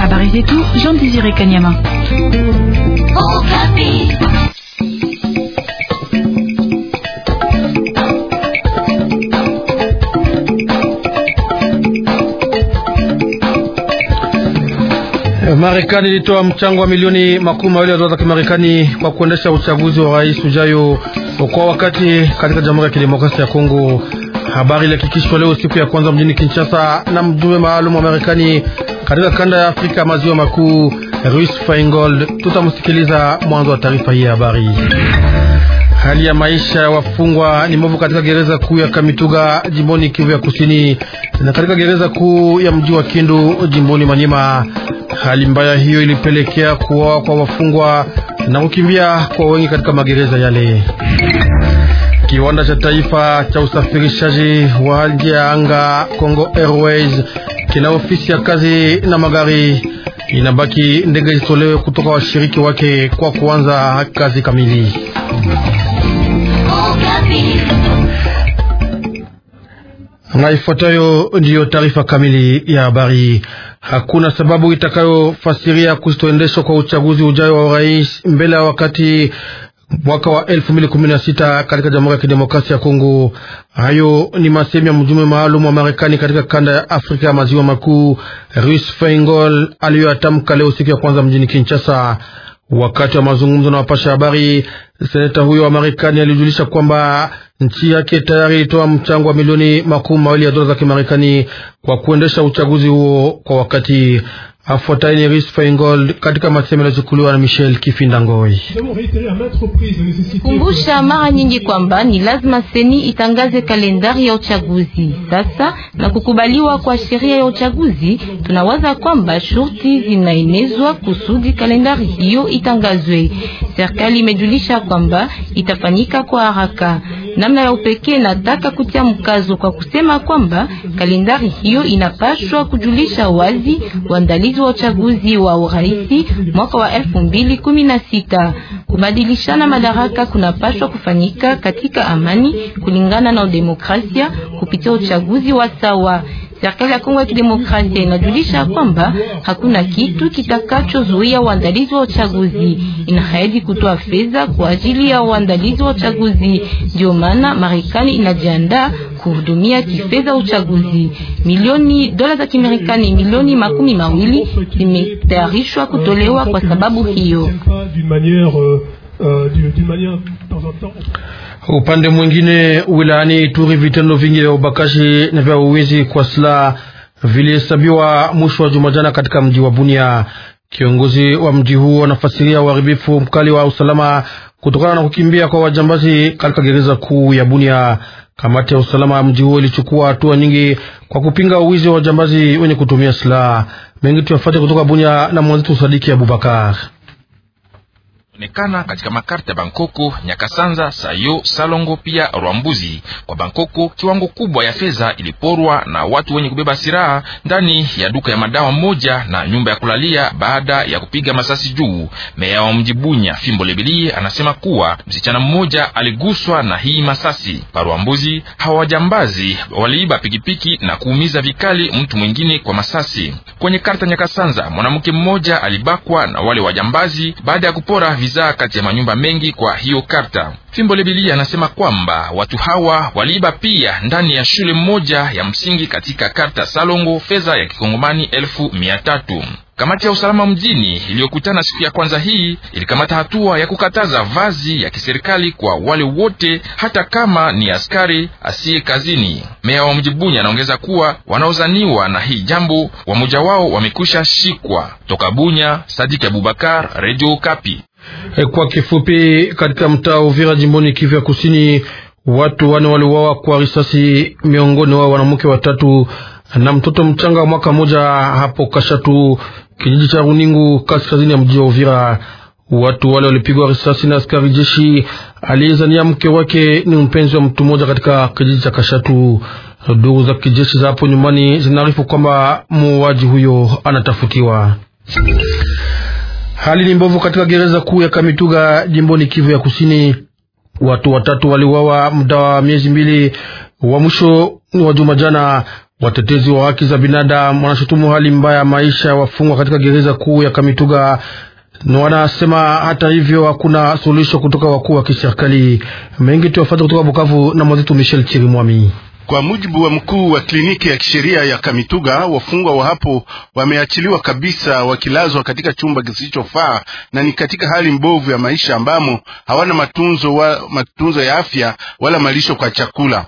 Habari zetu Jean Désiré Kanyama. Marekani ilitoa mchango wa milioni makumi mawili ya dola za Kimarekani kwa kuendesha uchaguzi wa rais ujayo kwa wakati katika Jamhuri ya Kidemokrasia ya Kongo. Habari ilihakikishwa leo siku ya kwanza mjini Kinshasa na mjumbe maalum wa Marekani katika kanda ya Afrika maziwa makuu Russ Feingold. Tutamsikiliza mwanzo wa taarifa hii ya habari. Hali ya maisha ya wafungwa ni mbovu katika gereza kuu ya Kamituga jimboni Kivu ya Kusini na katika gereza kuu ya mji wa Kindu jimboni Manyema. Hali mbaya hiyo ilipelekea kuoa kwa wafungwa na kukimbia kwa wengi katika magereza yale. Kiwanda cha taifa cha usafirishaji wa hali ya anga Congo Airways kina ofisi ya kazi na magari. Inabaki ndege zitolewe kutoka washiriki wake kwa kuanza kazi kamili. Na ifuatayo ndiyo taarifa kamili ya habari. Hakuna sababu itakayofasiria kusitoendeshwa kwa uchaguzi ujayo wa urais mbele ya wakati mwaka wa sita katika Jamhuri ya Kidemokrasia ya Kongo. Hayo ni masemi ya mjumbe maalum wa Marekani katika kanda ya Afrika ya Maziwa Makuu, rus Feingold, aliyoyatamka leo siku ya kwanza mjini Kinshasa. Wakati wa mazungumzo na wapasha habari, seneta huyo wa Marekani alijulisha kwamba nchi yake tayari ilitoa mchango wa milioni makumi mawili ya dola za Kimarekani kwa kuendesha uchaguzi huo kwa wakati. Afuatayi ni Ris Feingold katika masemo yaliyochukuliwa na Michel Kifinda Ngoi. Kumbusha mara nyingi kwamba ni lazima seni itangaze kalendari ya uchaguzi sasa, na kukubaliwa kwa sheria ya uchaguzi, tunawaza kwamba shurti zinaenezwa kusudi kalendari hiyo itangazwe. Serikali imejulisha kwamba itafanyika kwa haraka namna ya upekee nataka kutia mkazo kwa kusema kwamba kalendari hiyo inapaswa kujulisha wazi waandalizi wa uchaguzi wa urais mwaka wa 2016. Kubadilishana madaraka kunapaswa kufanyika katika amani kulingana na demokrasia kupitia uchaguzi wa sawa. Serikali ya Kongo ya Kidemokrasia inajulisha kwamba hakuna kitu kitakachozuia uandalizi wa uchaguzi. Inahaidi kutoa fedha kwa ajili ya uandalizi wa uchaguzi. Ndio maana Marekani inajiandaa kuhudumia kifedha uchaguzi. Milioni dola za Kimarekani milioni makumi mawili zimetayarishwa kutolewa kwa sababu hiyo. Euh, euh, Upande mwingine, wilayani Ituri, vitendo vingi vya ubakashi na vya uwizi kwa silaha vilihesabiwa mwisho wa juma katika mji wa Bunia. Kiongozi wa mji huo anafasiria uharibifu mkali wa usalama kutokana na kukimbia kwa wajambazi katika gereza kuu ya Bunia. Kamati ya usalama ya mji huo ilichukua hatua nyingi kwa kupinga uwizi wa wajambazi wenye kutumia silaha. Mengi tuyafuate kutoka Bunia na mwanzetu Sadiki Abubakar nekana katika makarta ya Bankoko, Nyakasanza, Sayo, Salongo pia Rwambuzi. Kwa Bankoko, kiwango kubwa ya fedha iliporwa na watu wenye kubeba silaha ndani ya duka ya madawa moja na nyumba ya kulalia baada ya kupiga masasi juu. Meya wa mji Bunya Fimbo Lebili, anasema kuwa msichana mmoja aliguswa na hii masasi. Parwambuzi, hawa waliiba pikipiki na kuumiza vikali mtu mwingine kwa masasi. Kwenye karta Nyakasanza, mwanamke mmoja alibakwa na wale wajambazi baada ya kupora bidhaa kati ya manyumba mengi kwa hiyo karta. Fimbo Lebilia anasema kwamba watu hawa waliiba pia ndani ya shule moja ya msingi katika karta Salongo fedha ya kikongomani elfu mia tatu. Kamati ya usalama mjini iliyokutana siku ya kwanza hii ilikamata hatua ya kukataza vazi ya kiserikali kwa wale wote, hata kama ni askari asiye kazini. Meya wa mji Bunya anaongeza kuwa wanaozaniwa na hii jambo wamoja wao wamekwisha shikwa. Toka Bunya, Sadiki Abubakar, Radio Kapi. Eh, kwa kifupi, katika mtaa Uvira jimboni Kivu ya Kusini, watu wane waliuawa kwa risasi, miongoni wao wanawake watatu na mtoto mchanga mwaka mmoja hapo Kashatu, kijiji cha Runingu, kaskazini ya mji wa Uvira. Watu wale walipigwa risasi na askari jeshi aliyezania mke wake ni mpenzi wa mtu mmoja katika kijiji cha Kashatu. Ndugu za kijeshi za hapo nyumbani zinaarifu kwamba muuaji huyo anatafutiwa. Hali ni mbovu katika gereza kuu ya Kamituga jimboni Kivu ya Kusini. Watu watatu waliuawa muda wa miezi mbili wa mwisho wa juma jana. Watetezi wa haki za binadamu wanashutumu hali mbaya ya maisha wafungwa katika gereza kuu ya Kamituga na wanasema hata hivyo hakuna suluhisho kutoka wakuu wa kiserikali. Mengi tuyafata kutoka Bukavu na mwenzetu Michel Chirimwami. Kwa mujibu wa mkuu wa kliniki ya kisheria ya Kamituga, wafungwa wa hapo wameachiliwa kabisa, wakilazwa katika chumba kisichofaa na ni katika hali mbovu ya maisha ambamo hawana matunzo, wa, matunzo ya afya wala malisho kwa chakula.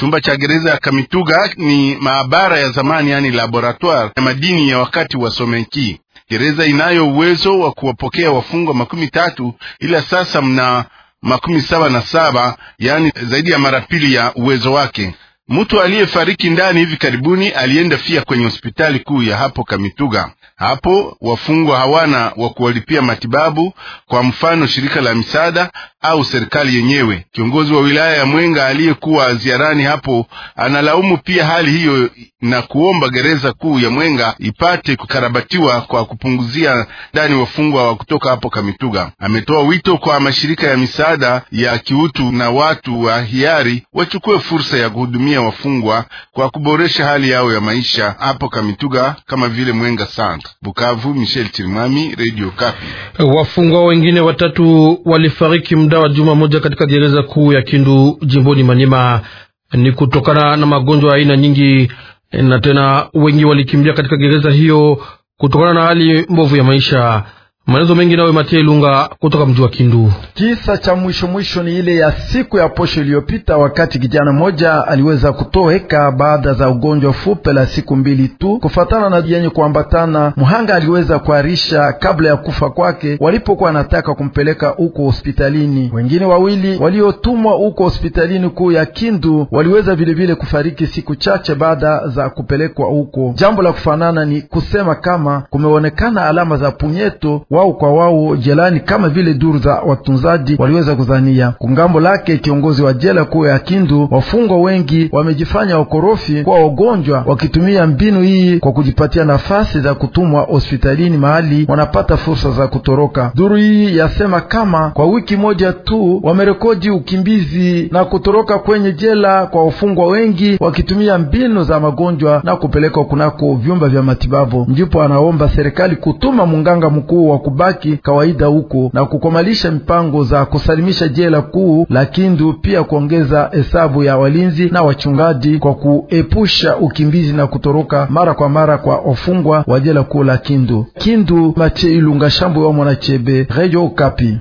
Chumba cha gereza ya Kamituga ni maabara ya zamani, yani laboratoire ya madini ya wakati wa Somenki. Gereza inayo uwezo wa kuwapokea wafungwa makumi tatu ila sasa mna makumi saba na saba, yani zaidi ya mara pili ya uwezo wake. Mtu aliyefariki ndani hivi karibuni alienda fia kwenye hospitali kuu ya hapo Kamituga. Hapo wafungwa hawana wa kuwalipia matibabu. Kwa mfano, shirika la misaada au serikali yenyewe. Kiongozi wa wilaya ya Mwenga aliyekuwa ziarani hapo analaumu pia hali hiyo na kuomba gereza kuu ya Mwenga ipate kukarabatiwa kwa kupunguzia ndani wafungwa wa kutoka hapo Kamituga. Ametoa wito kwa mashirika ya misaada ya kiutu na watu wa hiari wachukue fursa ya kuhudumia wafungwa kwa kuboresha hali yao ya maisha hapo Kamituga kama vile Mwenga Centre. Bukavu, Michel Tirimami, Radio Kapi. Wafungwa wengine watatu walifariki muda wa juma moja katika gereza kuu ya Kindu jimboni Manyema. Ni kutokana na magonjwa aina nyingi, eh, na tena wengi walikimbia katika gereza hiyo kutokana na hali mbovu ya maisha. Maelezo mengi nawe Matia Ilunga kutoka mji wa Kindu. Kisa cha mwisho mwisho ni ile ya siku ya posho iliyopita, wakati kijana mmoja aliweza kutoweka baada za ugonjwa fupe la siku mbili tu, kufatana na yenye kuambatana. Mhanga aliweza kuharisha kabla ya kufa kwake, walipokuwa anataka kumpeleka huko hospitalini. Wengine wawili waliotumwa huko hospitalini kuu ya Kindu waliweza vilevile kufariki siku chache baada za kupelekwa huko. Jambo la kufanana ni kusema kama kumeonekana alama za punyeto wa wao kwa wao jelani kama vile duru za watunzaji waliweza kuzania. Kungambo lake kiongozi wa jela kuu ya Kindu, wafungwa wengi wamejifanya wakorofi kuwa wagonjwa, wakitumia mbinu hii kwa kujipatia nafasi za kutumwa hospitalini mahali wanapata fursa za kutoroka. Duru hii yasema kama kwa wiki moja tu wamerekodi ukimbizi na kutoroka kwenye jela kwa wafungwa wengi wakitumia mbinu za magonjwa na kupelekwa kunako vyumba vya matibabu. Ndipo anaomba serikali kutuma munganga mkuu wa kubaki kawaida huko na kukomalisha mipango za kusalimisha jela kuu la Kindu, pia kuongeza hesabu ya walinzi na wachungaji kwa kuepusha ukimbizi na kutoroka mara kwa mara kwa wafungwa wa jela kuu la Kindu. Kindu, Mache Ilunga Shambwe wa Mwanachebe, Radio Okapi.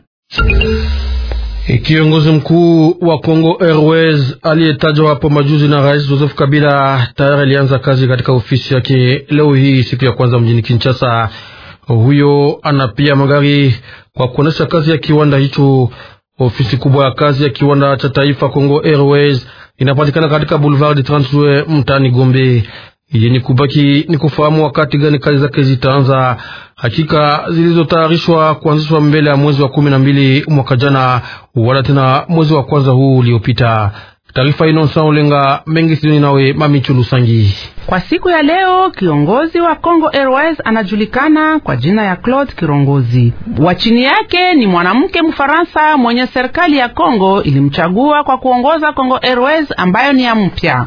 E, kiongozi mkuu wa Congo Airways aliyetajwa hapo majuzi na Rais Joseph Kabila tayari alianza kazi katika ofisi yake leo hii siku ya kwanza mjini Kinshasa. Huyo ana pia magari kwa kuonesha kazi ya kiwanda hicho. Ofisi kubwa ya kazi ya kiwanda cha taifa Congo Airways inapatikana katika Boulevard de Transue mtani Gombe. Yenye kubaki ni kufahamu wakati gani kazi zake zitaanza. Hakika zilizotayarishwa kuanzishwa mbele ya mwezi wa kumi na mbili mwaka jana, wala tena mwezi wa kwanza huu uliopita. Taarifa ino Ulenga mengi Sidoni nawe Mamichu Lusangi. Kwa siku ya leo kiongozi wa Congo Airways anajulikana kwa jina ya Claude Kirongozi. Wa chini yake ni mwanamke Mfaransa mwenye serikali ya Congo ilimchagua kwa kuongoza Congo Airways ambayo ni ya mpya.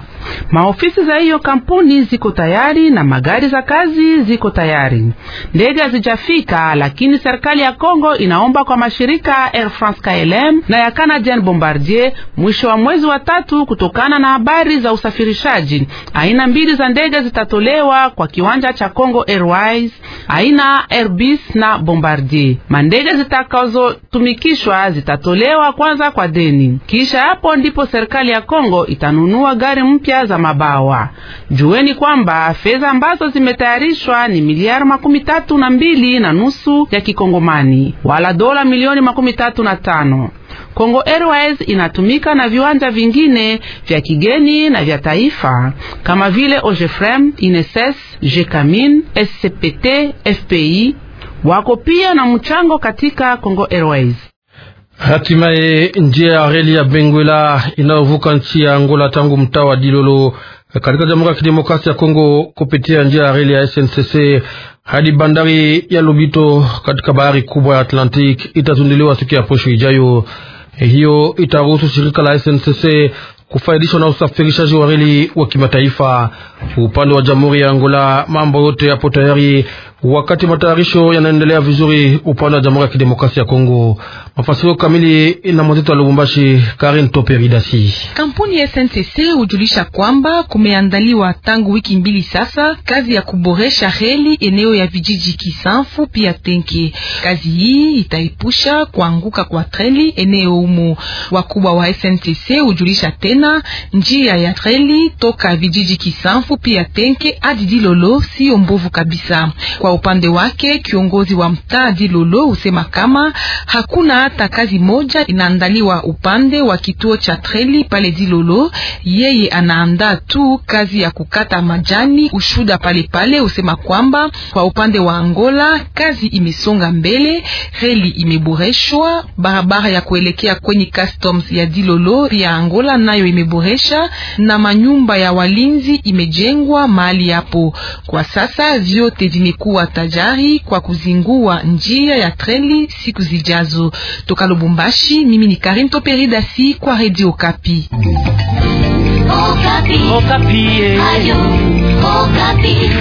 Maofisi za hiyo kampuni ziko tayari na magari za kazi ziko tayari. Ndege hazijafika, lakini serikali ya Kongo inaomba kwa mashirika Air France KLM na ya Canadian Bombardier mwisho wa mwezi wa tatu, kutokana na habari za usafirishaji, aina mbili za ndege zitatolewa kwa kiwanja cha Congo Airways, aina Airbus na Bombardier. Mandege zitakazotumikishwa zitatolewa kwanza kwa deni, kisha hapo ndipo serikali ya Kongo itanunua gari mpya mpya za mabawa. Jueni kwamba fedha ambazo zimetayarishwa ni miliari makumi tatu na mbili na nusu ya kikongomani wala dola milioni makumi tatu na tano. Kongo Airways inatumika na viwanja vingine vya kigeni na vya taifa kama vile Ogefrem, INSS, Jekamin, SCPT, FPI wako pia na mchango katika Kongo Airways. Hatimaye njia ya reli ya Benguela inayovuka nchi ya Angola tangu mtaa wa Dilolo katika Jamhuri ya Kidemokrasia ya Kongo kupitia njia ya reli ya SNCC hadi bandari ya Lubito katika bahari kubwa ya Atlantic itazunduliwa siku ya posho ijayo. Hiyo itaruhusu shirika la SNCC kufaidishwa na usafirishaji wa reli wa kimataifa. Upande wa Jamhuri ya Angola mambo yote yapo tayari Wakati matayarisho yanaendelea vizuri upande wa Jamhuri ya Kidemokrasia ya Kongo, mafasirio kamili na mwenzetu wa Lubumbashi, Karin Toperidasi. Kampuni ya SNCC hujulisha kwamba kumeandaliwa tangu wiki mbili sasa kazi ya kuboresha reli eneo ya vijiji Kisanfu pia Tenke. Kazi hii itaepusha kuanguka kwa treli eneo humo. Wakubwa wa SNCC hujulisha tena njia ya treli toka vijiji Kisanfu pia Tenke hadi Dilolo sio mbovu kabisa kwa upande wake kiongozi wa mtaa Dilolo husema kama hakuna hata kazi moja inaandaliwa upande wa kituo cha treli pale Dilolo. Yeye anaandaa tu kazi ya kukata majani. Ushuda pale pale husema kwamba kwa upande wa Angola kazi imesonga mbele, reli imeboreshwa, barabara ya kuelekea kwenye customs ya Dilolo ya Angola nayo imeboresha na manyumba ya walinzi imejengwa mahali hapo. Kwa sasa vyote vimekuwa kuwa tajari kwa kuzingua njia ya treni siku zijazo. Toka Lubumbashi, mimi ni Karim Toperi Dasi kwa redi Okapi. Okapi. Okapi. Eh. Ayu, Okapi.